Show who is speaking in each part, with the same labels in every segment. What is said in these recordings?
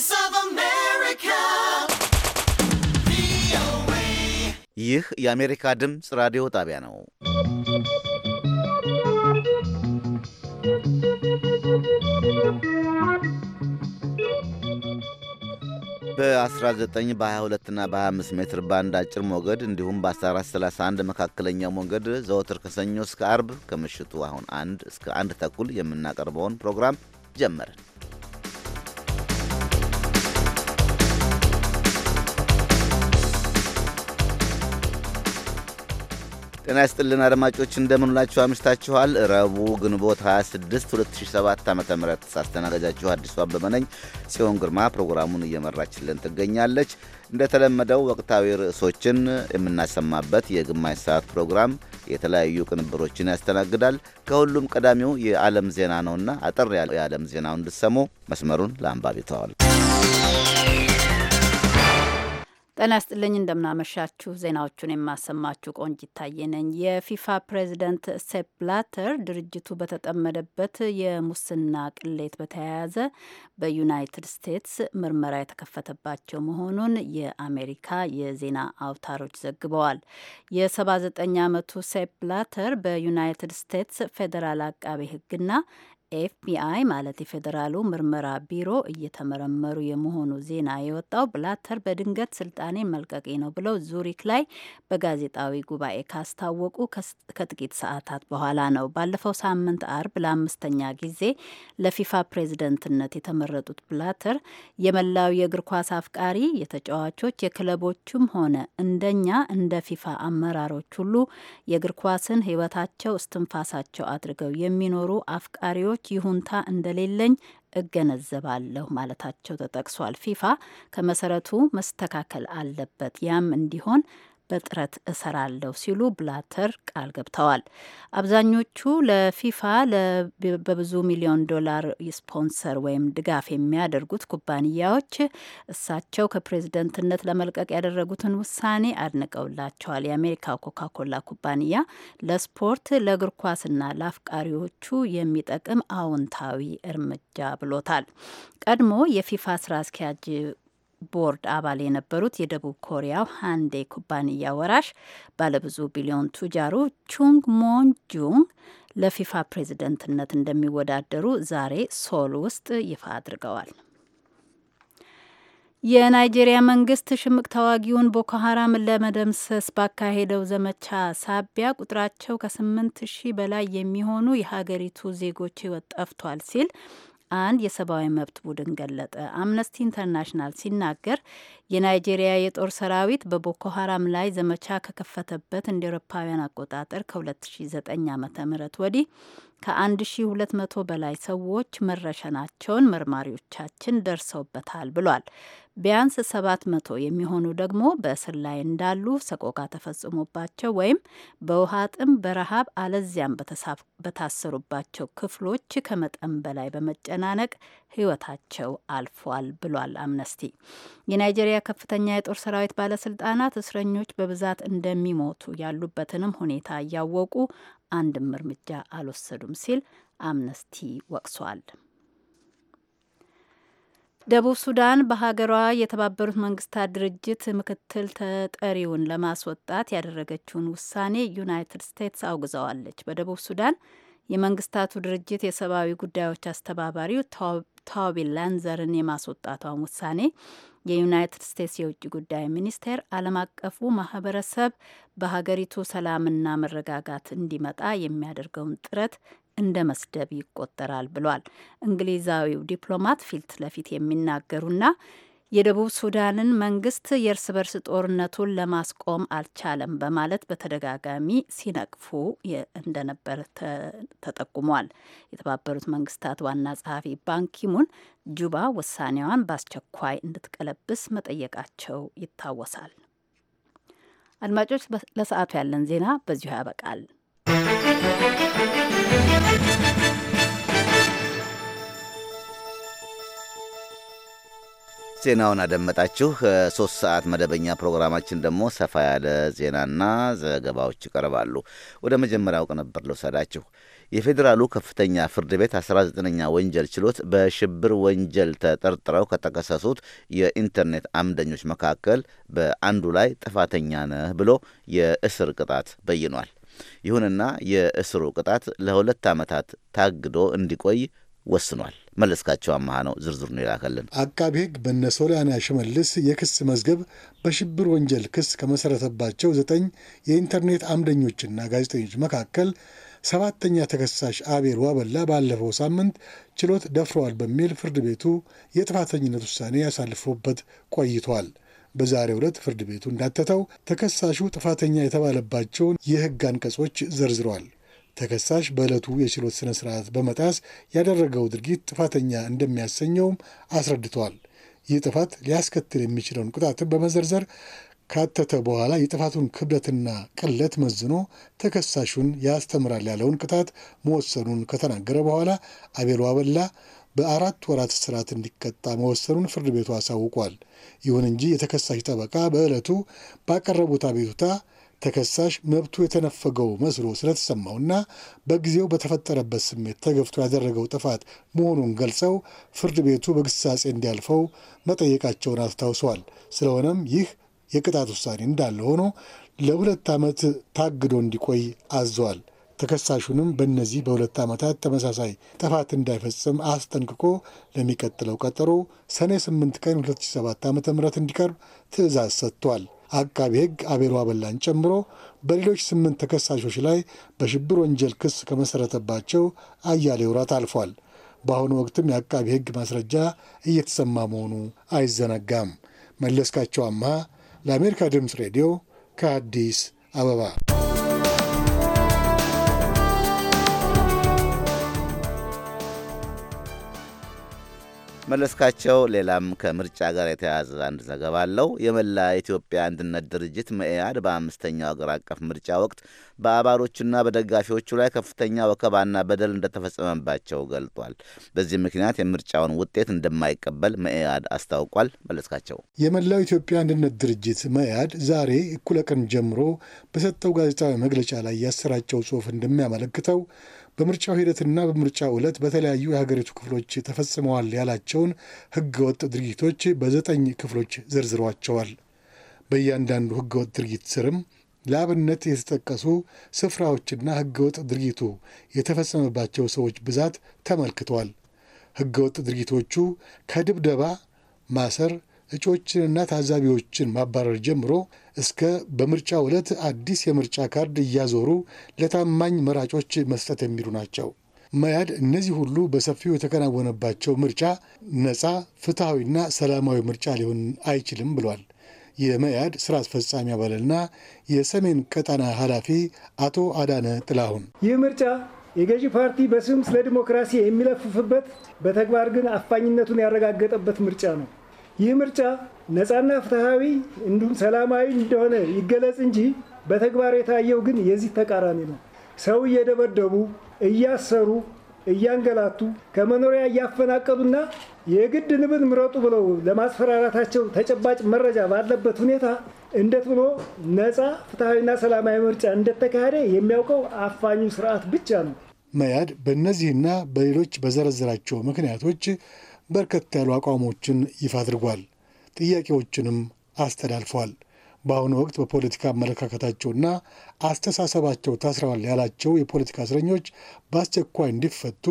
Speaker 1: Voice of America.
Speaker 2: ይህ የአሜሪካ ድምፅ ራዲዮ ጣቢያ ነው። በ19 22 እና በ25 ሜትር ባንድ አጭር ሞገድ እንዲሁም በ1431 መካከለኛ ሞገድ ዘወትር ከሰኞ እስከ አርብ ከምሽቱ አሁን አንድ እስከ አንድ ተኩል የምናቀርበውን ፕሮግራም ጀመርን። ጤና ይስጥልን አድማጮች እንደምንላችሁ አምሽታችኋል። ረቡዕ ግንቦት 26 2007 ዓ ም ሳስተናገጃችሁ አዲሱ አበበ ነኝ። ጽዮን ግርማ ፕሮግራሙን እየመራችልን ትገኛለች። እንደተለመደው ወቅታዊ ርዕሶችን የምናሰማበት የግማሽ ሰዓት ፕሮግራም የተለያዩ ቅንብሮችን ያስተናግዳል። ከሁሉም ቀዳሚው የዓለም ዜና ነውና አጠር ያለው የዓለም ዜናው እንድሰሙ መስመሩን ለአንባቢ ተዋል።
Speaker 3: ጤና ያስጥልኝ። እንደምናመሻችሁ። ዜናዎቹን የማሰማችሁ ቆንጅ ይታየ ነኝ። የፊፋ ፕሬዚደንት ሴፕ ብላተር ድርጅቱ በተጠመደበት የሙስና ቅሌት በተያያዘ በዩናይትድ ስቴትስ ምርመራ የተከፈተባቸው መሆኑን የአሜሪካ የዜና አውታሮች ዘግበዋል። የ79 ዓመቱ ሴፕ ብላተር በዩናይትድ ስቴትስ ፌዴራል አቃቤ ሕግና ኤፍቢአይ ማለት የፌዴራሉ ምርመራ ቢሮ እየተመረመሩ የመሆኑ ዜና የወጣው ብላተር በድንገት ስልጣኔ መልቀቄ ነው ብለው ዙሪክ ላይ በጋዜጣዊ ጉባኤ ካስታወቁ ከጥቂት ሰዓታት በኋላ ነው። ባለፈው ሳምንት አርብ ለአምስተኛ ጊዜ ለፊፋ ፕሬዝደንትነት የተመረጡት ብላተር የመላው የእግር ኳስ አፍቃሪ የተጫዋቾች፣ የክለቦቹም ሆነ እንደኛ እንደ ፊፋ አመራሮች ሁሉ የእግር ኳስን ሕይወታቸው እስትንፋሳቸው አድርገው የሚኖሩ አፍቃሪዎች ሀሳቦች ይሁንታ እንደሌለኝ እገነዘባለሁ ማለታቸው ተጠቅሷል። ፊፋ ከመሰረቱ መስተካከል አለበት። ያም እንዲሆን በጥረት እሰራለሁ ሲሉ ብላተር ቃል ገብተዋል። አብዛኞቹ ለፊፋ በብዙ ሚሊዮን ዶላር ስፖንሰር ወይም ድጋፍ የሚያደርጉት ኩባንያዎች እሳቸው ከፕሬዝደንትነት ለመልቀቅ ያደረጉትን ውሳኔ አድንቀውላቸዋል። የአሜሪካ ኮካኮላ ኩባንያ ለስፖርት ለእግር ኳስና ለአፍቃሪዎቹ የሚጠቅም አዎንታዊ እርምጃ ብሎታል። ቀድሞ የፊፋ ስራ አስኪያጅ ቦርድ አባል የነበሩት የደቡብ ኮሪያው ሃንዴ ኩባንያ ወራሽ ባለብዙ ቢሊዮን ቱጃሩ ቹንግ ጁንግ ለፊፋ ፕሬዝደንትነት እንደሚወዳደሩ ዛሬ ሶል ውስጥ ይፋ አድርገዋል። የናይጄሪያ መንግስት ሽምቅ ተዋጊውን ቦኮ ሀራምን ለመደምሰስ ባካሄደው ዘመቻ ሳቢያ ቁጥራቸው ከስምንት ሺህ በላይ የሚሆኑ የሀገሪቱ ዜጎች ሕይወት ጠፍቷል ሲል አንድ የሰብአዊ መብት ቡድን ገለጠ። አምነስቲ ኢንተርናሽናል ሲናገር የናይጄሪያ የጦር ሰራዊት በቦኮ ሀራም ላይ ዘመቻ ከከፈተበት እንደ ኤሮፓውያን አቆጣጠር ከ2009 ዓ ም ወዲህ ከ1200 በላይ ሰዎች መረሸናቸውን መርማሪዎቻችን ደርሰውበታል ብሏል። ቢያንስ 700 የሚሆኑ ደግሞ በእስር ላይ እንዳሉ ሰቆቃ ተፈጽሞባቸው ወይም በውሃ ጥም፣ በረሃብ አለዚያም በታሰሩባቸው ክፍሎች ከመጠን በላይ በመጨናነቅ ሕይወታቸው አልፏል ብሏል አምነስቲ። የናይጄሪያ ከፍተኛ የጦር ሰራዊት ባለስልጣናት እስረኞች በብዛት እንደሚሞቱ ያሉበትንም ሁኔታ እያወቁ አንድም እርምጃ አልወሰዱም ሲል አምነስቲ ወቅሷል። ደቡብ ሱዳን በሀገሯ የተባበሩት መንግስታት ድርጅት ምክትል ተጠሪውን ለማስወጣት ያደረገችውን ውሳኔ ዩናይትድ ስቴትስ አውግዘዋለች። በደቡብ ሱዳን የመንግስታቱ ድርጅት የሰብአዊ ጉዳዮች አስተባባሪው ታውቢ ላንዘርን የማስወጣቷን ውሳኔ የዩናይትድ ስቴትስ የውጭ ጉዳይ ሚኒስቴር ዓለም አቀፉ ማህበረሰብ በሀገሪቱ ሰላምና መረጋጋት እንዲመጣ የሚያደርገውን ጥረት እንደ መስደብ ይቆጠራል ብሏል። እንግሊዛዊው ዲፕሎማት ፊት ለፊት የሚናገሩና የደቡብ ሱዳንን መንግስት የእርስ በርስ ጦርነቱን ለማስቆም አልቻለም በማለት በተደጋጋሚ ሲነቅፉ እንደነበር ተጠቁሟል። የተባበሩት መንግስታት ዋና ጸሐፊ ባንኪሙን ጁባ ውሳኔዋን በአስቸኳይ እንድትቀለብስ መጠየቃቸው ይታወሳል። አድማጮች፣ ለሰዓቱ ያለን ዜና በዚሁ ያበቃል።
Speaker 2: ዜናውን አደመጣችሁ። ሶስት ሰዓት መደበኛ ፕሮግራማችን ደግሞ ሰፋ ያለ ዜናና ዘገባዎች ይቀርባሉ። ወደ መጀመሪያው ቅንብር ልውሰዳችሁ። የፌዴራሉ ከፍተኛ ፍርድ ቤት 19ኛ ወንጀል ችሎት በሽብር ወንጀል ተጠርጥረው ከተከሰሱት የኢንተርኔት አምደኞች መካከል በአንዱ ላይ ጥፋተኛ ነህ ብሎ የእስር ቅጣት በይኗል። ይሁንና የእስሩ ቅጣት ለሁለት ዓመታት ታግዶ እንዲቆይ ወስኗል። መለስካቸው አመሃ ነው ነው ይላከልን።
Speaker 4: አቃቢ ሕግ በነ ሶሊያና ሽመልስ የክስ መዝገብ በሽብር ወንጀል ክስ ከመሰረተባቸው ዘጠኝ የኢንተርኔት አምደኞችና ጋዜጠኞች መካከል ሰባተኛ ተከሳሽ አቤል ዋበላ ባለፈው ሳምንት ችሎት ደፍረዋል በሚል ፍርድ ቤቱ የጥፋተኝነት ውሳኔ ያሳልፎበት ቆይቷል። በዛሬ ዕለት ፍርድ ቤቱ እንዳተተው ተከሳሹ ጥፋተኛ የተባለባቸውን የህግ አንቀጾች ዘርዝሯል። ተከሳሽ በዕለቱ የችሎት ስነ ስርዓት በመጣስ ያደረገው ድርጊት ጥፋተኛ እንደሚያሰኘውም አስረድቷል። ይህ ጥፋት ሊያስከትል የሚችለውን ቅጣት በመዘርዘር ካተተ በኋላ የጥፋቱን ክብደትና ቅለት መዝኖ ተከሳሹን ያስተምራል ያለውን ቅጣት መወሰኑን ከተናገረ በኋላ አቤሎ አበላ በአራት ወራት እስራት እንዲቀጣ መወሰኑን ፍርድ ቤቱ አሳውቋል። ይሁን እንጂ የተከሳሽ ጠበቃ በዕለቱ ባቀረቡት አቤቱታ ተከሳሽ መብቱ የተነፈገው መስሎ ስለተሰማውና በጊዜው በተፈጠረበት ስሜት ተገፍቶ ያደረገው ጥፋት መሆኑን ገልጸው ፍርድ ቤቱ በግሳጼ እንዲያልፈው መጠየቃቸውን አስታውሰዋል። ስለሆነም ይህ የቅጣት ውሳኔ እንዳለ ሆኖ ለሁለት ዓመት ታግዶ እንዲቆይ አዟል። ተከሳሹንም በእነዚህ በሁለት ዓመታት ተመሳሳይ ጥፋት እንዳይፈጽም አስጠንቅቆ ለሚቀጥለው ቀጠሮ ሰኔ 8 ቀን 2007 ዓ ም እንዲቀርብ ትዕዛዝ ሰጥቷል። አቃቢ ሕግ አቤል አበላን ጨምሮ በሌሎች ስምንት ተከሳሾች ላይ በሽብር ወንጀል ክስ ከመሰረተባቸው አያሌ ውራት አልፏል። በአሁኑ ወቅትም የአቃቢ ሕግ ማስረጃ እየተሰማ መሆኑ አይዘነጋም። መለስካቸው አምሃ ለአሜሪካ ድምፅ ሬዲዮ ከአዲስ አበባ
Speaker 2: መለስካቸው ሌላም ከምርጫ ጋር የተያያዘ አንድ ዘገባ አለው። የመላ ኢትዮጵያ አንድነት ድርጅት መኢአድ በአምስተኛው አገር አቀፍ ምርጫ ወቅት በአባሎችና በደጋፊዎቹ ላይ ከፍተኛ ወከባና በደል እንደተፈጸመባቸው ገልጧል። በዚህ ምክንያት የምርጫውን ውጤት እንደማይቀበል መኢአድ አስታውቋል። መለስካቸው
Speaker 4: የመላው ኢትዮጵያ አንድነት ድርጅት መኢአድ ዛሬ እኩለ ቀን ጀምሮ በሰጠው ጋዜጣዊ መግለጫ ላይ ያሰራጨው ጽሑፍ እንደሚያመለክተው በምርጫው ሂደትና በምርጫው ዕለት በተለያዩ የሀገሪቱ ክፍሎች ተፈጽመዋል ያላቸውን ህገወጥ ድርጊቶች በዘጠኝ ክፍሎች ዘርዝሯቸዋል። በእያንዳንዱ ህገወጥ ድርጊት ስርም ለአብነት የተጠቀሱ ስፍራዎችና ህገወጥ ድርጊቱ የተፈጸመባቸው ሰዎች ብዛት ተመልክቷል። ህገወጥ ድርጊቶቹ ከድብደባ፣ ማሰር እጩዎችንና ታዛቢዎችን ማባረር ጀምሮ እስከ በምርጫ ዕለት አዲስ የምርጫ ካርድ እያዞሩ ለታማኝ መራጮች መስጠት የሚሉ ናቸው። መያድ እነዚህ ሁሉ በሰፊው የተከናወነባቸው ምርጫ ነፃ ፍትሐዊና ሰላማዊ ምርጫ ሊሆን አይችልም ብሏል። የመያድ ስራ አስፈጻሚ አባልና የሰሜን ቀጠና ኃላፊ አቶ አዳነ ጥላሁን ይህ ምርጫ የገዢ ፓርቲ
Speaker 5: በስም ስለ ዲሞክራሲ የሚለፍፍበት በተግባር ግን አፋኝነቱን ያረጋገጠበት ምርጫ ነው። ይህ ምርጫ ነፃና ፍትሐዊ እንዲሁም ሰላማዊ እንደሆነ ይገለጽ እንጂ በተግባር የታየው ግን የዚህ ተቃራኒ ነው። ሰው እየደበደቡ እያሰሩ እያንገላቱ ከመኖሪያ እያፈናቀሉና የግድ ንብን ምረጡ ብለው ለማስፈራራታቸው ተጨባጭ መረጃ ባለበት ሁኔታ እንዴት ብሎ ነፃ
Speaker 4: ፍትሐዊና ሰላማዊ ምርጫ እንደተካሄደ የሚያውቀው አፋኙ ስርዓት ብቻ ነው። መያድ በእነዚህና በሌሎች በዘረዘራቸው ምክንያቶች በርከት ያሉ አቋሞችን ይፋ አድርጓል። ጥያቄዎችንም አስተላልፏል። በአሁኑ ወቅት በፖለቲካ አመለካከታቸውና አስተሳሰባቸው ታስረዋል ያላቸው የፖለቲካ እስረኞች በአስቸኳይ እንዲፈቱ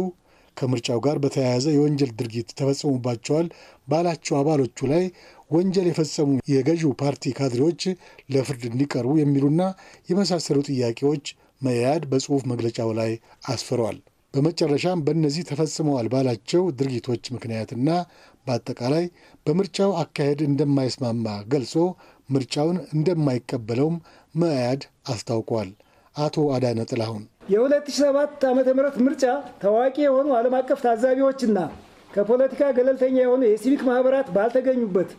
Speaker 4: ከምርጫው ጋር በተያያዘ የወንጀል ድርጊት ተፈጽሞባቸዋል ባላቸው አባሎቹ ላይ ወንጀል የፈጸሙ የገዢው ፓርቲ ካድሬዎች ለፍርድ እንዲቀርቡ የሚሉና የመሳሰሉ ጥያቄዎች መያድ በጽሑፍ መግለጫው ላይ አስፍረዋል። በመጨረሻም በእነዚህ ተፈጽመዋል ባላቸው ድርጊቶች ምክንያትና በአጠቃላይ በምርጫው አካሄድ እንደማይስማማ ገልጾ ምርጫውን እንደማይቀበለውም መያድ አስታውቋል። አቶ አዳነ ጥላሁን
Speaker 5: የ ሺህ ዓ ም ምርጫ ታዋቂ የሆኑ ዓለም አቀፍ ታዛቢዎችና ከፖለቲካ ገለልተኛ የሆኑ የሲቪክ ማህበራት ባልተገኙበት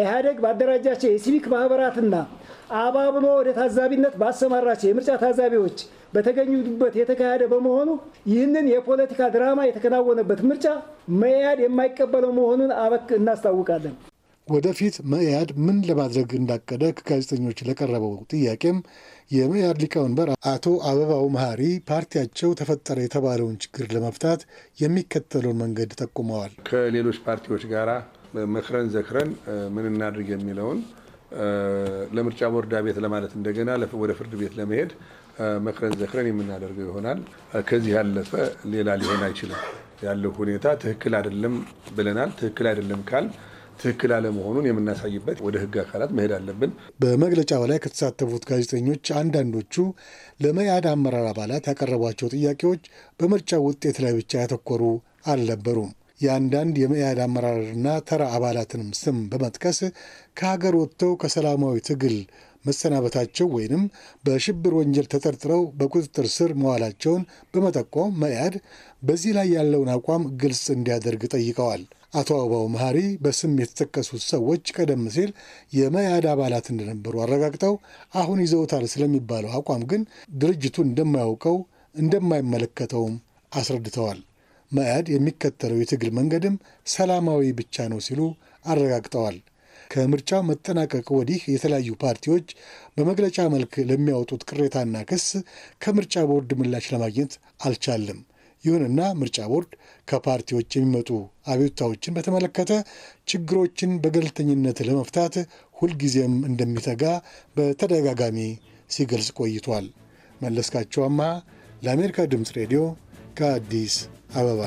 Speaker 5: ኢህአዴግ ባደራጃቸው የሲቪክ ማህበራትና አባብሎ ወደ ታዛቢነት ባሰማራቸው የምርጫ ታዛቢዎች በተገኙበት የተካሄደ በመሆኑ ይህንን የፖለቲካ ድራማ የተከናወነበት ምርጫ መኢአድ የማይቀበለው መሆኑን አበክ እናስታውቃለን።
Speaker 4: ወደፊት መኢአድ ምን ለማድረግ እንዳቀደ ከጋዜጠኞች ለቀረበው ጥያቄም የመያድ ሊቀመንበር አቶ አበባው መሀሪ ፓርቲያቸው ተፈጠረ የተባለውን ችግር ለመፍታት የሚከተለውን መንገድ ጠቁመዋል። ከሌሎች ፓርቲዎች ጋራ መክረን ዘክረን ምን እናድርግ የሚለውን ለምርጫ ቦርዳ ቤት ለማለት እንደገና ወደ ፍርድ ቤት ለመሄድ መክረን ዘክረን የምናደርገው ይሆናል። ከዚህ ያለፈ ሌላ ሊሆን አይችልም። ያለው ሁኔታ ትክክል አይደለም ብለናል። ትክክል አይደለም ካል ትክክል አለመሆኑን የምናሳይበት ወደ ህግ አካላት መሄድ አለብን። በመግለጫው ላይ ከተሳተፉት ጋዜጠኞች አንዳንዶቹ ለመያድ አመራር አባላት ያቀረቧቸው ጥያቄዎች በምርጫ ውጤት ላይ ብቻ ያተኮሩ አልነበሩም። የአንዳንድ የመያድ አመራርና ተራ አባላትንም ስም በመጥቀስ ከሀገር ወጥተው ከሰላማዊ ትግል መሰናበታቸው ወይንም በሽብር ወንጀል ተጠርጥረው በቁጥጥር ስር መዋላቸውን በመጠቆም መያድ በዚህ ላይ ያለውን አቋም ግልጽ እንዲያደርግ ጠይቀዋል። አቶ አበባው መሀሪ በስም የተጠቀሱት ሰዎች ቀደም ሲል የመያድ አባላት እንደነበሩ አረጋግጠው አሁን ይዘውታል ስለሚባለው አቋም ግን ድርጅቱ እንደማያውቀው እንደማይመለከተውም አስረድተዋል። መያድ የሚከተለው የትግል መንገድም ሰላማዊ ብቻ ነው ሲሉ አረጋግጠዋል። ከምርጫው መጠናቀቅ ወዲህ የተለያዩ ፓርቲዎች በመግለጫ መልክ ለሚያወጡት ቅሬታና ክስ ከምርጫ ቦርድ ምላሽ ለማግኘት አልቻለም። ይሁንና ምርጫ ቦርድ ከፓርቲዎች የሚመጡ አቤቱታዎችን በተመለከተ ችግሮችን በገለልተኝነት ለመፍታት ሁልጊዜም እንደሚተጋ በተደጋጋሚ ሲገልጽ ቆይቷል። መለስካቸው አማሃ ለአሜሪካ ድምፅ ሬዲዮ ከአዲስ አበባ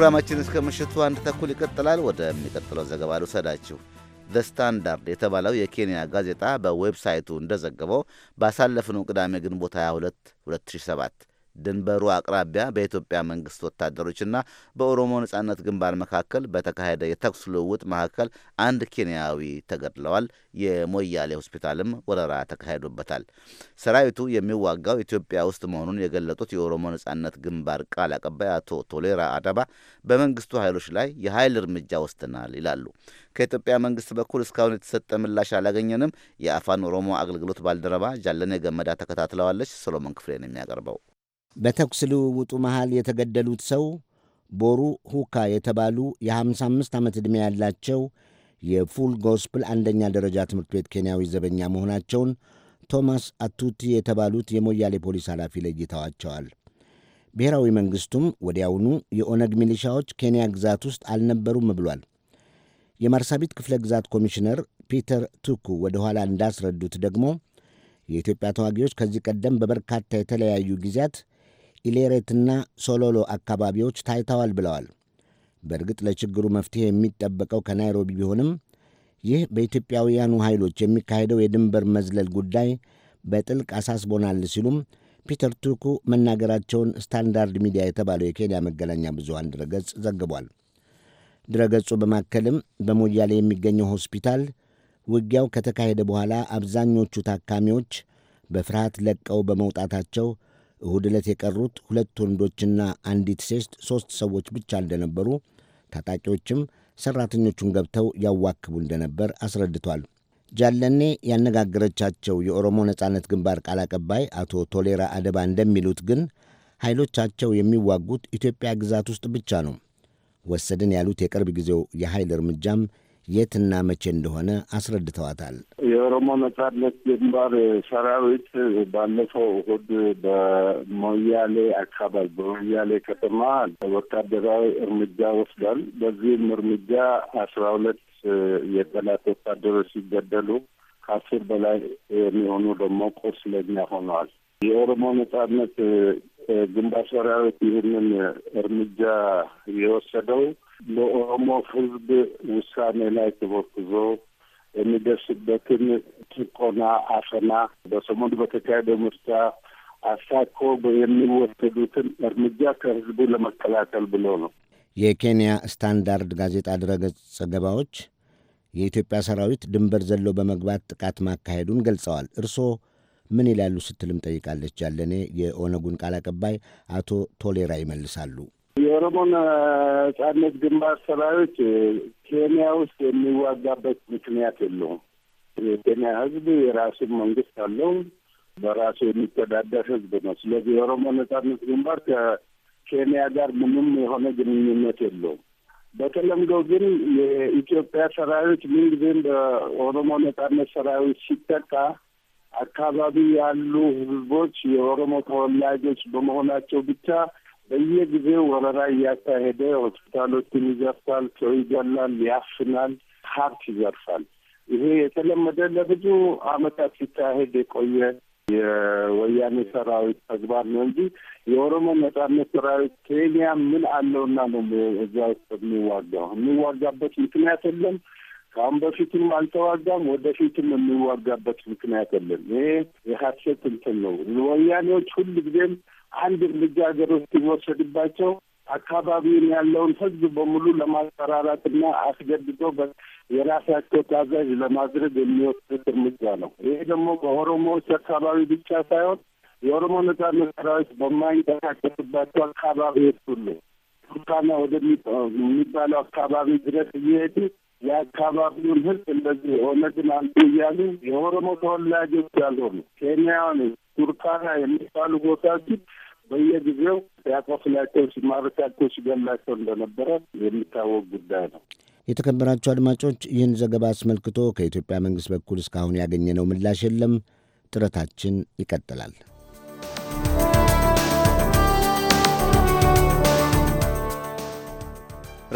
Speaker 2: ፕሮግራማችን እስከ ምሽቱ አንድ ተኩል ይቀጥላል። ወደሚቀጥለው ዘገባ ልውሰዳችሁ። ዘ ስታንዳርድ የተባለው የኬንያ ጋዜጣ በዌብሳይቱ እንደዘገበው ባሳለፍነው ቅዳሜ ግንቦት 22 2007 ድንበሩ አቅራቢያ በኢትዮጵያ መንግስት ወታደሮችና በኦሮሞ ነጻነት ግንባር መካከል በተካሄደ የተኩስ ልውውጥ መካከል አንድ ኬንያዊ ተገድለዋል። የሞያሌ ሆስፒታልም ወረራ ተካሂዶበታል። ሰራዊቱ የሚዋጋው ኢትዮጵያ ውስጥ መሆኑን የገለጡት የኦሮሞ ነጻነት ግንባር ቃል አቀባይ አቶ ቶሌራ አዳባ በመንግስቱ ኃይሎች ላይ የኃይል እርምጃ ወስደናል ይላሉ። ከኢትዮጵያ መንግስት በኩል እስካሁን የተሰጠ ምላሽ አላገኘንም። የአፋን ኦሮሞ አገልግሎት ባልደረባ ጃለኔ ገመዳ ተከታትለዋለች። ሶሎሞን ክፍሌ የሚያቀርበው።
Speaker 6: በተኩስ ልውውጡ መሃል የተገደሉት ሰው ቦሩ ሁካ የተባሉ የ55 ዓመት ዕድሜ ያላቸው የፉል ጎስፕል አንደኛ ደረጃ ትምህርት ቤት ኬንያዊ ዘበኛ መሆናቸውን ቶማስ አቱቲ የተባሉት የሞያሌ ፖሊስ ኃላፊ ለይተዋቸዋል። ብሔራዊ መንግሥቱም ወዲያውኑ የኦነግ ሚሊሻዎች ኬንያ ግዛት ውስጥ አልነበሩም ብሏል። የማርሳቢት ክፍለ ግዛት ኮሚሽነር ፒተር ቱኩ ወደ ኋላ እንዳስረዱት ደግሞ የኢትዮጵያ ተዋጊዎች ከዚህ ቀደም በበርካታ የተለያዩ ጊዜያት ኢሌሬትና ሶሎሎ አካባቢዎች ታይተዋል ብለዋል። በእርግጥ ለችግሩ መፍትሄ የሚጠበቀው ከናይሮቢ ቢሆንም ይህ በኢትዮጵያውያኑ ኃይሎች የሚካሄደው የድንበር መዝለል ጉዳይ በጥልቅ አሳስቦናል ሲሉም ፒተር ቱኩ መናገራቸውን ስታንዳርድ ሚዲያ የተባለው የኬንያ መገናኛ ብዙሃን ድረገጽ ዘግቧል። ድረገጹ በማከልም በሞያሌ የሚገኘው ሆስፒታል ውጊያው ከተካሄደ በኋላ አብዛኞቹ ታካሚዎች በፍርሃት ለቀው በመውጣታቸው እሁድ ዕለት የቀሩት ሁለት ወንዶችና አንዲት ሴት ሦስት ሰዎች ብቻ እንደነበሩ፣ ታጣቂዎችም ሠራተኞቹን ገብተው ያዋክቡ እንደነበር አስረድቷል። ጃለኔ ያነጋገረቻቸው የኦሮሞ ነጻነት ግንባር ቃል አቀባይ አቶ ቶሌራ አደባ እንደሚሉት ግን ኃይሎቻቸው የሚዋጉት ኢትዮጵያ ግዛት ውስጥ ብቻ ነው። ወሰድን ያሉት የቅርብ ጊዜው የኃይል እርምጃም የትና መቼ እንደሆነ አስረድተዋታል።
Speaker 7: የኦሮሞ ነጻነት ግንባር ሰራዊት ባለፈው እሁድ በሞያሌ አካባቢ በሞያሌ ከተማ ወታደራዊ እርምጃ ወስዷል። በዚህም እርምጃ አስራ ሁለት የጠላት ወታደሮች ሲገደሉ ከአስር በላይ የሚሆኑ ደግሞ ቁስለኛ ሆነዋል። የኦሮሞ ነጻነት ግንባር ሰራዊት ይህንን እርምጃ የወሰደው በኦሮሞ ህዝብ ውሳኔ ላይ ተመርኩዞ የሚደርስበትን ጭቆና፣ አፈና በሰሞኑ በተካሄደ ምርጫ አሳኮ የሚወሰዱትን እርምጃ ከህዝቡ ለመከላከል ብሎ
Speaker 6: ነው። የኬንያ ስታንዳርድ ጋዜጣ ድረገጽ ዘገባዎች የኢትዮጵያ ሰራዊት ድንበር ዘሎ በመግባት ጥቃት ማካሄዱን ገልጸዋል። እርስዎ ምን ይላሉ ስትልም ጠይቃለች። ያለኔ የኦነጉን ቃል አቀባይ አቶ ቶሌራ ይመልሳሉ።
Speaker 7: የኦሮሞን ነጻነት ግንባር ሰራዊት ኬንያ ውስጥ የሚዋጋበት ምክንያት የለውም። የኬንያ ህዝብ የራሱ መንግስት አለው፣ በራሱ የሚተዳደር ህዝብ ነው። ስለዚህ የኦሮሞ ነጻነት ግንባር ከኬንያ ጋር ምንም የሆነ ግንኙነት የለውም። በተለምዶ ግን የኢትዮጵያ ሰራዊት ምንጊዜም በኦሮሞ ነጻነት ሰራዊት ሲጠቃ አካባቢ ያሉ ህዝቦች የኦሮሞ ተወላጆች በመሆናቸው ብቻ በየጊዜው ወረራ እያካሄደ ሆስፒታሎችን ይዘርፋል፣ ሰው ይገላል፣ ያፍናል፣ ሀብት ይዘርፋል። ይሄ የተለመደ ለብዙ አመታት ሲካሄድ የቆየ የወያኔ ሰራዊት ተግባር ነው እንጂ የኦሮሞ ነጻነት ሰራዊት ኬንያ ምን አለውና ነው እዛ ውስጥ የሚዋጋው? የሚዋጋበት ምክንያት የለም። ከአሁን በፊትም አልተዋጋም፣ ወደፊትም የሚዋጋበት ምክንያት የለም። ይሄ የሀሰት እንትን ነው። ወያኔዎች ጊዜም አንድ እርምጃ ሀገሮች ሲወሰድባቸው አካባቢውን ያለውን ህዝብ በሙሉ ለማስፈራራትና አስገድዶ የራሳቸው ታዛዥ ለማድረግ የሚወስዱት እርምጃ ነው። ይሄ ደግሞ በኦሮሞዎች አካባቢ ብቻ ሳይሆን የኦሮሞ ነጻነት ሰራዊት በማይንቀሳቀስባቸው አካባቢዎች ሁሉ ቱርካና ወደሚባለው አካባቢ ድረስ እየሄዱ የአካባቢውን ህዝብ እንደዚህ ኦነግን አንዱ እያሉ የኦሮሞ ተወላጆች ያልሆኑ ኬንያውን ቱርካና የሚባሉ ግን በየጊዜው ሲያቆስላቸው፣ ሲማርካቸው፣ ሲገላቸው እንደነበረ የሚታወቅ ጉዳይ ነው።
Speaker 6: የተከበራቸው አድማጮች፣ ይህን ዘገባ አስመልክቶ ከኢትዮጵያ መንግሥት በኩል እስካሁን ያገኘነው ምላሽ የለም። ጥረታችን ይቀጥላል።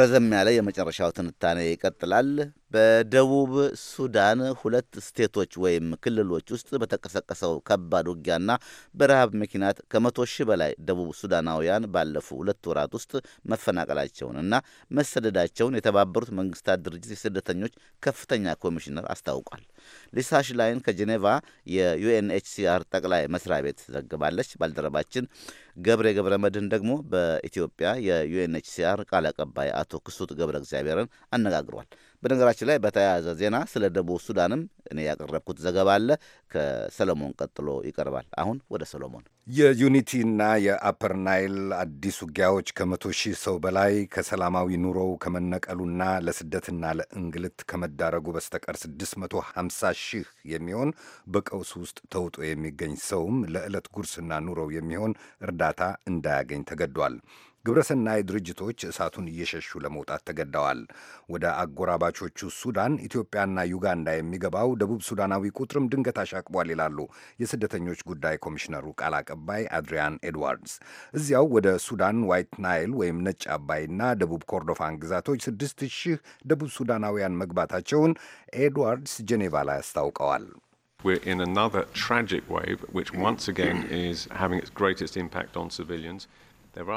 Speaker 2: ረዘም ያለ የመጨረሻው ትንታኔ ይቀጥላል። በደቡብ ሱዳን ሁለት ስቴቶች ወይም ክልሎች ውስጥ በተቀሰቀሰው ከባድ ውጊያና በረሃብ ምክንያት ከመቶ ሺህ በላይ ደቡብ ሱዳናውያን ባለፉ ሁለት ወራት ውስጥ መፈናቀላቸውን እና መሰደዳቸውን የተባበሩት መንግስታት ድርጅት የስደተኞች ከፍተኛ ኮሚሽነር አስታውቋል። ሊሳሽ ላይን ከጄኔቫ የዩኤንኤችሲአር ጠቅላይ መስሪያ ቤት ዘግባለች። ባልደረባችን ገብረ ገብረ መድህን ደግሞ በኢትዮጵያ የዩኤንኤችሲአር ቃል አቀባይ አቶ ክሱት ገብረ እግዚአብሔርን አነጋግሯል። በነገራችን ላይ በተያያዘ ዜና ስለ ደቡብ ሱዳንም እኔ ያቀረብኩት ዘገባ አለ። ከሰለሞን ቀጥሎ ይቀርባል። አሁን ወደ ሰሎሞን።
Speaker 8: የዩኒቲና የአፐር ናይል አዲስ ውጊያዎች ከመቶ ሺህ ሰው በላይ ከሰላማዊ ኑሮው ከመነቀሉና ለስደትና ለእንግልት ከመዳረጉ በስተቀር 650 ሺህ የሚሆን በቀውስ ውስጥ ተውጦ የሚገኝ ሰውም ለዕለት ጉርስና ኑሮው የሚሆን እርዳታ እንዳያገኝ ተገዷል። ግብረሰናይ ድርጅቶች እሳቱን እየሸሹ ለመውጣት ተገደዋል። ወደ አጎራባቾቹ ሱዳን፣ ኢትዮጵያና ዩጋንዳ የሚገባው ደቡብ ሱዳናዊ ቁጥርም ድንገት አሻቅቧል። ተራክቧል ይላሉ የስደተኞች ጉዳይ ኮሚሽነሩ ቃል አቀባይ አድሪያን ኤድዋርድስ። እዚያው ወደ ሱዳን ዋይት ናይል ወይም ነጭ አባይና ደቡብ ኮርዶፋን ግዛቶች ስድስት ሺህ ደቡብ ሱዳናውያን መግባታቸውን ኤድዋርድስ ጄኔቫ ላይ አስታውቀዋል።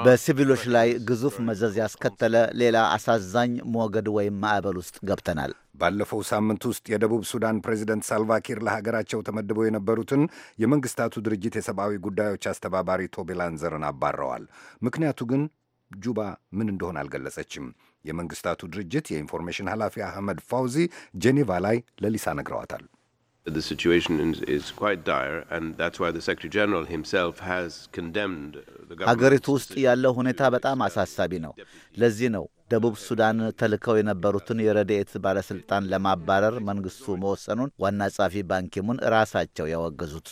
Speaker 8: በሲቪሎች
Speaker 2: ላይ ግዙፍ መዘዝ ያስከተለ ሌላ አሳዛኝ ሞገድ ወይም ማዕበል ውስጥ ገብተናል። ባለፈው
Speaker 8: ሳምንት ውስጥ የደቡብ ሱዳን ፕሬዚደንት ሳልቫኪር ለሀገራቸው ተመድበው የነበሩትን የመንግስታቱ ድርጅት የሰብአዊ ጉዳዮች አስተባባሪ ቶቤላንዘርን አባረዋል። ምክንያቱ ግን ጁባ ምን እንደሆነ አልገለጸችም። የመንግስታቱ ድርጅት የኢንፎርሜሽን ኃላፊ አህመድ ፋውዚ ጄኔቫ
Speaker 2: ላይ ለሊሳ ነግረዋታል። ሀገሪቱ ውስጥ ያለው ሁኔታ በጣም አሳሳቢ ነው። ለዚህ ነው ደቡብ ሱዳን ተልከው የነበሩትን የረድኤት ባለሥልጣን ለማባረር መንግሥቱ መወሰኑን ዋና ጸሐፊ ባንኪሙን ራሳቸው ያወገዙት።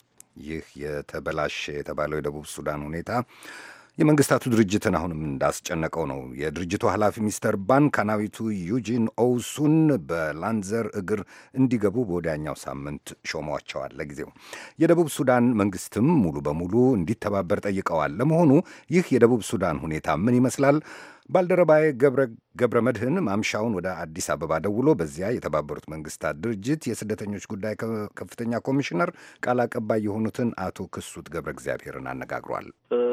Speaker 2: ይህ
Speaker 8: የተበላሸ የተባለው የደቡብ ሱዳን ሁኔታ የመንግስታቱ ድርጅትን አሁንም እንዳስጨነቀው ነው። የድርጅቱ ኃላፊ ሚስተር ባን ካናዊቱ ዩጂን ኦውሱን በላንዘር እግር እንዲገቡ በወዲያኛው ሳምንት ሾሟቸዋል። ለጊዜው የደቡብ ሱዳን መንግስትም ሙሉ በሙሉ እንዲተባበር ጠይቀዋል። ለመሆኑ ይህ የደቡብ ሱዳን ሁኔታ ምን ይመስላል? ባልደረባዬ ገብረ መድህን ማምሻውን ወደ አዲስ አበባ ደውሎ በዚያ የተባበሩት መንግስታት ድርጅት የስደተኞች ጉዳይ ከፍተኛ ኮሚሽነር ቃል አቀባይ የሆኑትን አቶ ክሱት ገብረ እግዚአብሔርን አነጋግሯል።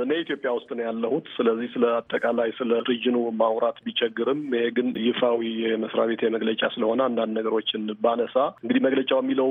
Speaker 9: እኔ ኢትዮጵያ ውስጥ ነው ያለሁት። ስለዚህ ስለ አጠቃላይ ስለ ሪጅኑ ማውራት ቢቸግርም ይሄ ግን ይፋዊ የመስሪያ ቤት መግለጫ ስለሆነ አንዳንድ ነገሮችን ባነሳ እንግዲህ መግለጫው የሚለው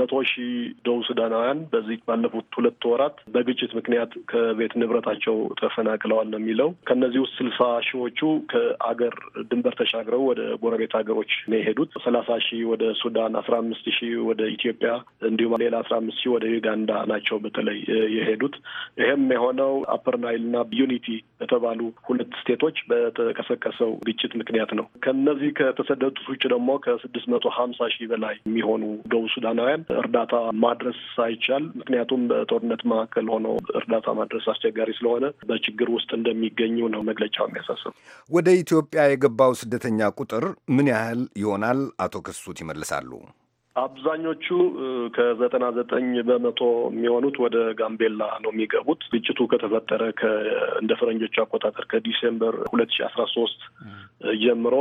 Speaker 9: መቶ ሺህ ደቡብ ሱዳናውያን በዚህ ባለፉት ሁለት ወራት በግጭት ምክንያት ከቤት ንብረታቸው ተፈናቅለዋል ነው የሚለው ከእነዚህ ውስጥ ስልሳ ሺ ሺዎቹ ከአገር ድንበር ተሻግረው ወደ ጎረቤት ሀገሮች ነው የሄዱት። ሰላሳ ሺህ ወደ ሱዳን፣ አስራ አምስት ሺህ ወደ ኢትዮጵያ እንዲሁም ሌላ አስራ አምስት ሺህ ወደ ዩጋንዳ ናቸው በተለይ የሄዱት። ይህም የሆነው አፐር ናይል እና ዩኒቲ የተባሉ ሁለት ስቴቶች በተቀሰቀሰው ግጭት ምክንያት ነው። ከነዚህ ከተሰደዱት ውጭ ደግሞ ከስድስት መቶ ሀምሳ ሺህ በላይ የሚሆኑ ደቡብ ሱዳናውያን እርዳታ ማድረስ ሳይቻል ምክንያቱም በጦርነት መካከል ሆነው እርዳታ ማድረስ አስቸጋሪ ስለሆነ በችግር ውስጥ እንደሚገኙ ነው መግለጫው የሚያሳስበው። አይደርስም።
Speaker 8: ወደ ኢትዮጵያ የገባው ስደተኛ ቁጥር ምን ያህል ይሆናል? አቶ ክሱት ይመልሳሉ።
Speaker 9: አብዛኞቹ ከዘጠና ዘጠኝ በመቶ የሚሆኑት ወደ ጋምቤላ ነው የሚገቡት። ግጭቱ ከተፈጠረ እንደ ፈረንጆቹ አቆጣጠር ከዲሴምበር ሁለት ሺ አስራ ሶስት ጀምሮ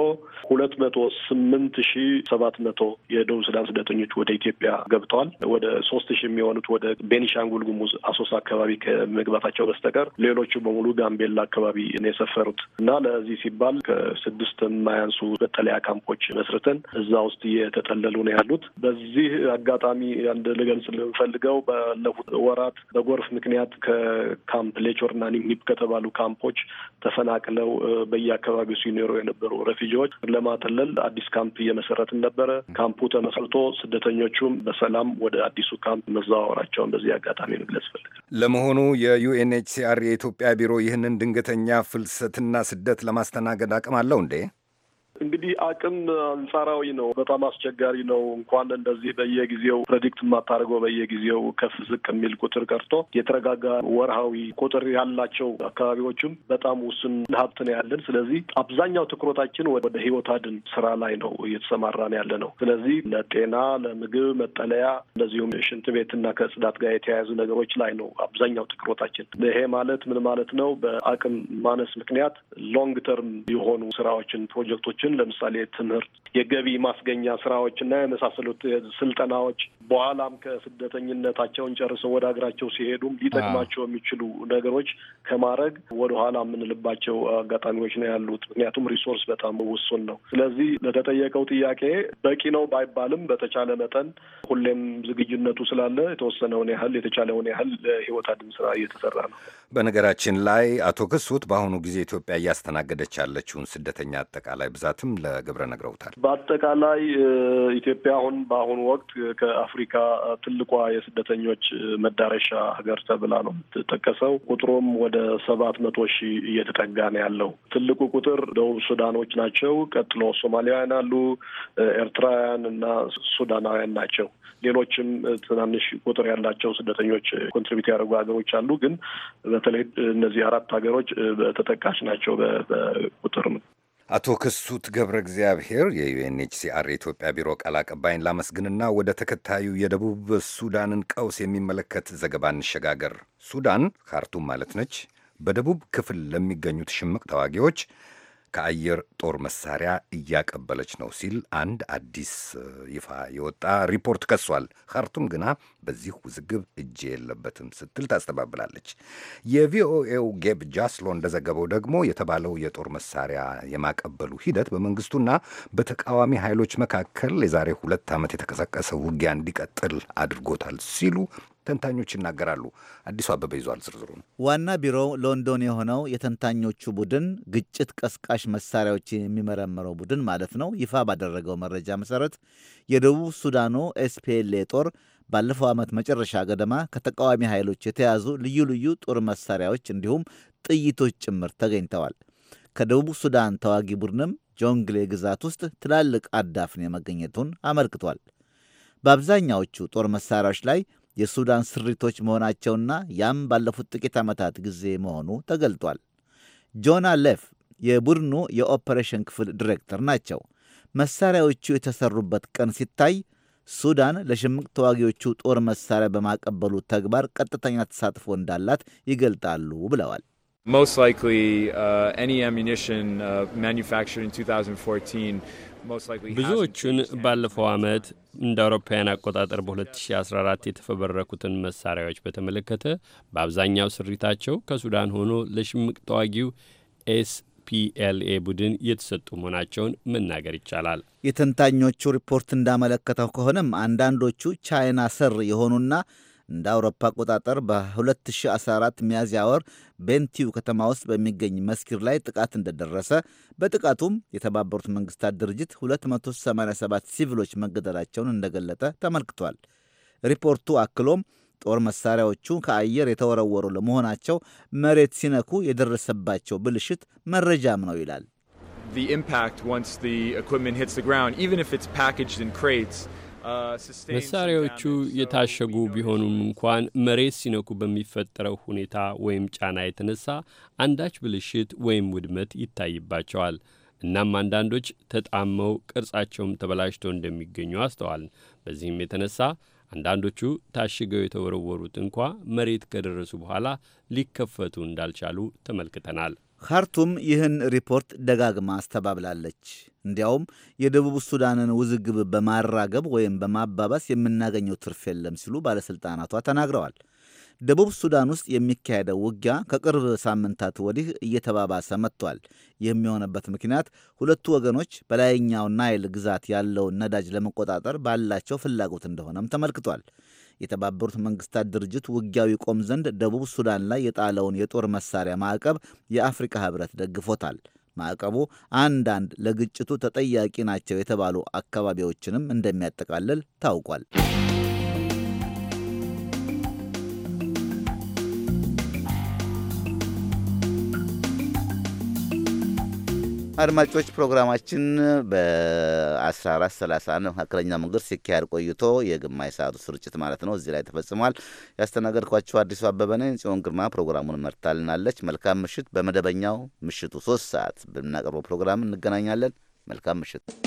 Speaker 9: ሁለት መቶ ስምንት ሺ ሰባት መቶ የደቡብ ሱዳን ስደተኞች ወደ ኢትዮጵያ ገብተዋል። ወደ ሶስት ሺ የሚሆኑት ወደ ቤኒሻንጉል ጉሙዝ አሶሳ አካባቢ ከመግባታቸው በስተቀር ሌሎቹ በሙሉ ጋምቤላ አካባቢ ነው የሰፈሩት እና ለዚህ ሲባል ከስድስት የማያንሱ መጠለያ ካምፖች መስርተን እዛ ውስጥ እየተጠለሉ ነው ያሉት። በዚህ አጋጣሚ አንድ ልገልጽ የምፈልገው ባለፉት ወራት በጎርፍ ምክንያት ከካምፕ ሌቾርና ኒሚፕ ከተባሉ ካምፖች ተፈናቅለው በየአካባቢው ሲኖሩ የነበሩ ረፊጂዎች ለማጠለል አዲስ ካምፕ እየመሰረትን ነበረ። ካምፑ ተመስርቶ ስደተኞቹም በሰላም ወደ አዲሱ ካምፕ መዘዋወራቸውን በዚህ አጋጣሚ መግለጽ ፈልጋል።
Speaker 8: ለመሆኑ የዩኤንኤችሲአር የኢትዮጵያ ቢሮ ይህንን ድንገተኛ ፍልሰትና ስደት ለማስተናገድ አቅም አለው እንዴ?
Speaker 9: እንግዲህ አቅም አንጻራዊ ነው። በጣም አስቸጋሪ ነው። እንኳን እንደዚህ በየጊዜው ፕሬዲክት የማታደርገው በየጊዜው ከፍ ዝቅ የሚል ቁጥር ቀርቶ የተረጋጋ ወርሃዊ ቁጥር ያላቸው አካባቢዎችም በጣም ውስን ሀብት ነው ያለን። ስለዚህ አብዛኛው ትኩረታችን ወደ ህይወት አድን ስራ ላይ ነው እየተሰማራን ያለ ነው። ስለዚህ ለጤና፣ ለምግብ፣ መጠለያ እንደዚሁም ሽንት ቤትና ከጽዳት ጋር የተያያዙ ነገሮች ላይ ነው አብዛኛው ትኩረታችን። ይሄ ማለት ምን ማለት ነው? በአቅም ማነስ ምክንያት ሎንግ ተርም የሆኑ ስራዎችን ፕሮጀክቶችን ስራዎችን ለምሳሌ ትምህርት፣ የገቢ ማስገኛ ስራዎች እና የመሳሰሉት ስልጠናዎች በኋላም ከስደተኝነታቸውን ጨርሰው ወደ ሀገራቸው ሲሄዱም ሊጠቅማቸው የሚችሉ ነገሮች ከማድረግ ወደኋላ የምንልባቸው አጋጣሚዎች ነው ያሉት። ምክንያቱም ሪሶርስ በጣም ውሱን ነው። ስለዚህ ለተጠየቀው ጥያቄ በቂ ነው ባይባልም በተቻለ መጠን ሁሌም ዝግጁነቱ ስላለ የተወሰነውን ያህል የተቻለውን ያህል ለህይወት አድን ስራ እየተሰራ ነው።
Speaker 8: በነገራችን ላይ አቶ ክሱት በአሁኑ ጊዜ ኢትዮጵያ እያስተናገደች ያለችውን ስደተኛ አጠቃላይ ብዛትም ለግብረ ነግረውታል።
Speaker 9: በአጠቃላይ ኢትዮጵያ አሁን በአሁኑ ወቅት ከአፍሪካ ትልቋ የስደተኞች መዳረሻ ሀገር ተብላ ነው የምትጠቀሰው። ቁጥሩም ወደ ሰባት መቶ ሺህ እየተጠጋ ነው ያለው። ትልቁ ቁጥር ደቡብ ሱዳኖች ናቸው። ቀጥሎ ሶማሊያውያን አሉ፣ ኤርትራውያን እና ሱዳናውያን ናቸው። ሌሎችም ትናንሽ ቁጥር ያላቸው ስደተኞች ኮንትሪቢት ያደርጉ ሀገሮች አሉ ግን በተለይ እነዚህ አራት ሀገሮች ተጠቃሽ ናቸው በቁጥር ነው።
Speaker 8: አቶ ክሱት ገብረ እግዚአብሔር የዩኤንኤችሲአር የኢትዮጵያ ቢሮ ቃል አቀባይን ላመስግንና ወደ ተከታዩ የደቡብ ሱዳንን ቀውስ የሚመለከት ዘገባ እንሸጋገር። ሱዳን ካርቱም ማለት ነች። በደቡብ ክፍል ለሚገኙት ሽምቅ ተዋጊዎች ከአየር ጦር መሳሪያ እያቀበለች ነው ሲል አንድ አዲስ ይፋ የወጣ ሪፖርት ከሷል። ካርቱም ግና በዚህ ውዝግብ እጄ የለበትም ስትል ታስተባብላለች። የቪኦኤው ጌብ ጃስሎ እንደዘገበው ደግሞ የተባለው የጦር መሳሪያ የማቀበሉ ሂደት በመንግስቱና በተቃዋሚ ኃይሎች መካከል የዛሬ ሁለት ዓመት የተቀሰቀሰ ውጊያ እንዲቀጥል አድርጎታል ሲሉ ተንታኞች ይናገራሉ። አዲሱ አበበ ይዟል ዝርዝሩን።
Speaker 2: ዋና ቢሮው ሎንዶን የሆነው የተንታኞቹ ቡድን ግጭት ቀስቃሽ መሳሪያዎች የሚመረምረው ቡድን ማለት ነው ይፋ ባደረገው መረጃ መሰረት የደቡብ ሱዳኑ ኤስፒኤልኤ ጦር ባለፈው ዓመት መጨረሻ ገደማ ከተቃዋሚ ኃይሎች የተያዙ ልዩ ልዩ ጦር መሳሪያዎች እንዲሁም ጥይቶች ጭምር ተገኝተዋል። ከደቡብ ሱዳን ተዋጊ ቡድንም ጆንግሌ ግዛት ውስጥ ትላልቅ አዳፍን መገኘቱን አመልክቷል። በአብዛኛዎቹ ጦር መሳሪያዎች ላይ የሱዳን ስሪቶች መሆናቸውና ያም ባለፉት ጥቂት ዓመታት ጊዜ መሆኑ ተገልጧል። ጆና ሌፍ የቡድኑ የኦፐሬሽን ክፍል ዲሬክተር ናቸው። መሳሪያዎቹ የተሰሩበት ቀን ሲታይ ሱዳን ለሽምቅ ተዋጊዎቹ ጦር መሳሪያ በማቀበሉ ተግባር ቀጥተኛ ተሳትፎ እንዳላት ይገልጣሉ ብለዋል።
Speaker 1: most likely uh, any ammunition
Speaker 9: uh, manufactured in 2014 ብዙዎቹን ባለፈው ዓመት እንደ አውሮፓውያን አቆጣጠር በ2014 የተፈበረኩትን መሳሪያዎች በተመለከተ በአብዛኛው ስሪታቸው ከሱዳን ሆኖ ለሽምቅ ተዋጊው ኤስፒኤልኤ ቡድን የተሰጡ መሆናቸውን መናገር ይቻላል።
Speaker 2: የተንታኞቹ ሪፖርት እንዳመለከተው ከሆነም አንዳንዶቹ ቻይና ሰር የሆኑና እንደ አውሮፓ አቆጣጠር በ2014 ሚያዝያ ወር ቤንቲው ከተማ ውስጥ በሚገኝ መስኪር ላይ ጥቃት እንደደረሰ በጥቃቱም የተባበሩት መንግስታት ድርጅት 287 ሲቪሎች መገደላቸውን እንደገለጠ ተመልክቷል። ሪፖርቱ አክሎም ጦር መሳሪያዎቹ ከአየር የተወረወሩ ለመሆናቸው መሬት ሲነኩ የደረሰባቸው ብልሽት መረጃም ነው ይላል።
Speaker 1: The impact once the equipment hits the ground, even if it's packaged in crates, መሳሪያዎቹ
Speaker 9: የታሸጉ ቢሆኑም እንኳን መሬት ሲነኩ በሚፈጠረው ሁኔታ ወይም ጫና የተነሳ አንዳች ብልሽት ወይም ውድመት ይታይባቸዋል። እናም አንዳንዶች ተጣመው ቅርጻቸውም ተበላሽቶ እንደሚገኙ አስተዋል። በዚህም የተነሳ አንዳንዶቹ ታሽገው የተወረወሩት እንኳ መሬት ከደረሱ በኋላ ሊከፈቱ እንዳልቻሉ ተመልክተናል።
Speaker 2: ካርቱም ይህን ሪፖርት ደጋግማ አስተባብላለች። እንዲያውም የደቡብ ሱዳንን ውዝግብ በማራገብ ወይም በማባባስ የምናገኘው ትርፍ የለም ሲሉ ባለሥልጣናቷ ተናግረዋል። ደቡብ ሱዳን ውስጥ የሚካሄደው ውጊያ ከቅርብ ሳምንታት ወዲህ እየተባባሰ መጥቷል። ይህም የሆነበት ምክንያት ሁለቱ ወገኖች በላይኛው ናይል ግዛት ያለውን ነዳጅ ለመቆጣጠር ባላቸው ፍላጎት እንደሆነም ተመልክቷል። የተባበሩት መንግስታት ድርጅት ውጊያው ይቆም ዘንድ ደቡብ ሱዳን ላይ የጣለውን የጦር መሳሪያ ማዕቀብ የአፍሪካ ህብረት ደግፎታል። ማዕቀቡ አንዳንድ ለግጭቱ ተጠያቂ ናቸው የተባሉ አካባቢዎችንም እንደሚያጠቃልል ታውቋል። አድማጮች ፕሮግራማችን በ1431 መካከለኛ መንገድ ሲካሄድ ቆይቶ የግማሽ ሰዓቱ ስርጭት ማለት ነው እዚህ ላይ ተፈጽሟል። ያስተናገድኳቸው አዲሱ አበበ ነኝ። ጽዮን ግርማ ፕሮግራሙን መርታልናለች። መልካም ምሽት። በመደበኛው ምሽቱ ሶስት ሰዓት በምናቀርበው ፕሮግራም እንገናኛለን። መልካም ምሽት።